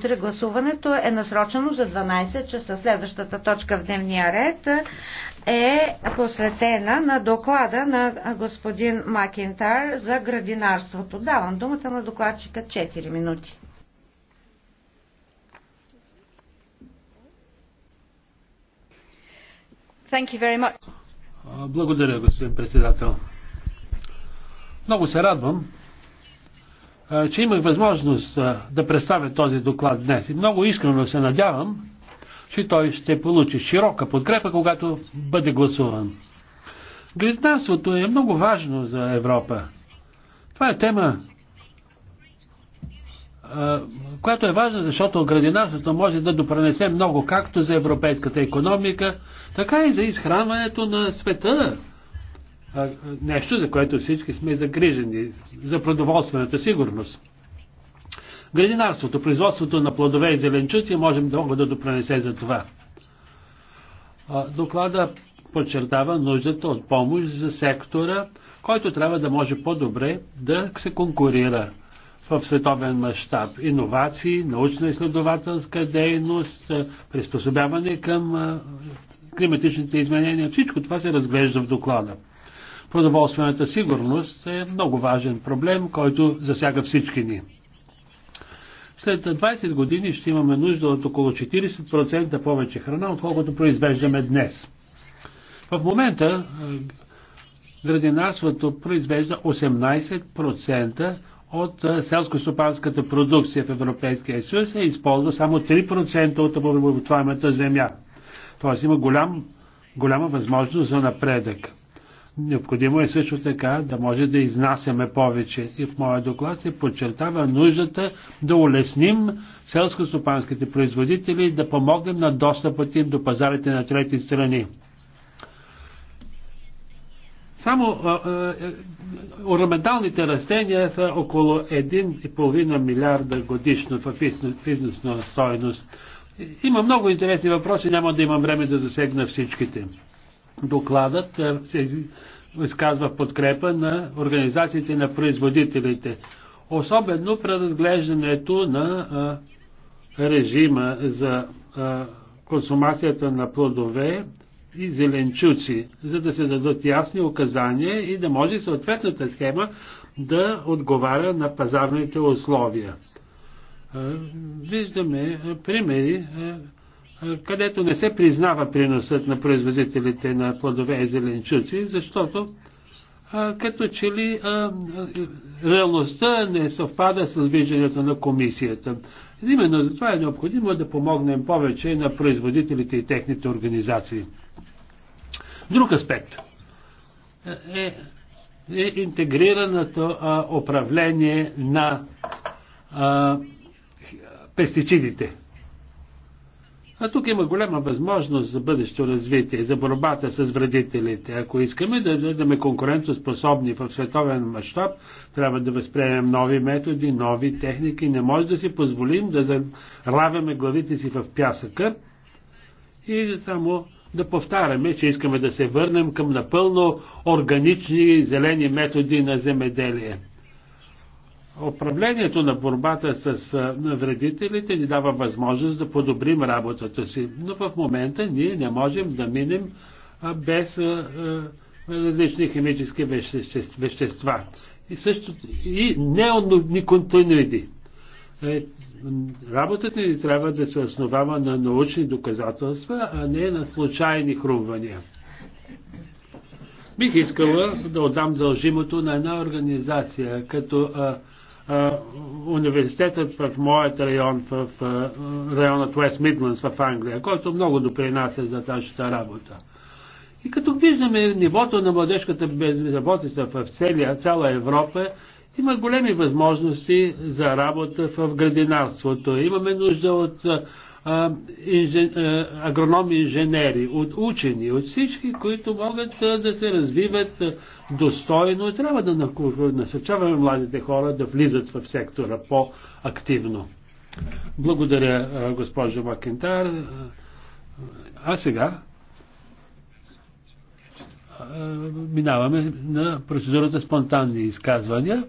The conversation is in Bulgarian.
Утре гласуването е насрочено за 12 часа. Следващата точка в дневния ред е посветена на доклада на господин Макентар за градинарството. Давам думата на докладчика 4 минути. Thank you very much. Благодаря, господин председател. Много се радвам, че имах възможност да представя този доклад днес. И много искрено се надявам, че той ще получи широка подкрепа, когато бъде гласуван. Гражданството е много важно за Европа. Това е тема, която е важна, защото градинарството може да допренесе много както за европейската економика, така и за изхранването на света, нещо, за което всички сме загрижени, за продоволствената сигурност. Градинарството, производството на плодове и зеленчуци можем много да допренесе за това. Доклада подчертава нуждата от помощ за сектора, който трябва да може по-добре да се конкурира в световен мащаб. Иновации, научно-изследователска дейност, приспособяване към климатичните изменения, всичко това се разглежда в доклада продоволствената сигурност е много важен проблем, който засяга всички ни. След 20 години ще имаме нужда от около 40% повече храна, отколкото произвеждаме днес. В момента е, градинарството произвежда 18% от е, селско-стопанската продукция в Европейския съюз и използва само 3% от обработваемата земя. Тоест има голям, голяма възможност за напредък. Необходимо е също така да може да изнасяме повече. И в моя доклад се подчертава нуждата да улесним селско-стопанските производители да помогнем на достъпът им до пазарите на трети страни. Само е, орнаменталните растения са около 1,5 милиарда годишно в износна стоеност. Има много интересни въпроси, няма да имам време да засегна всичките. Докладът е, се изказва в подкрепа на организациите на производителите, особено преразглеждането на е, режима за е, консумацията на плодове и зеленчуци, за да се дадат ясни указания и да може съответната схема да отговаря на пазарните условия. Виждаме примери където не се признава приносът на производителите на плодове и зеленчуци, защото като че ли реалността не съвпада с виждането на комисията. Именно за това е необходимо да помогнем повече на производителите и техните организации. Друг аспект е, е интегрираното а, управление на а, пестицидите. А тук има голяма възможност за бъдещо развитие, за борбата с вредителите. Ако искаме да бъдем конкурентоспособни в световен мащаб, трябва да възприемем нови методи, нови техники. Не може да си позволим да заравяме главите си в пясъка и само да повтаряме, че искаме да се върнем към напълно органични зелени методи на земеделие. Управлението на борбата с вредителите ни дава възможност да подобрим работата си, но в момента ние не можем да минем без различни химически вещества. И също и неоникотиноиди. Е, работата ни трябва да се основава на научни доказателства, а не на случайни хрумвания. Бих искала да отдам дължимото на една организация, като а, университетът в моят район, в районът Уест Мидландс в Англия, който много допринася за нашата работа. И като виждаме нивото на младежката безработица в целия, цяла Европа, има големи възможности за работа в градинарството. Имаме нужда от инжен... агрономи-инженери, от учени, от всички, които могат да се развиват достойно. Трябва да насърчаваме младите хора да влизат в сектора по-активно. Благодаря, госпожо Макентар. А сега минаваме на процедурата спонтанни изказвания.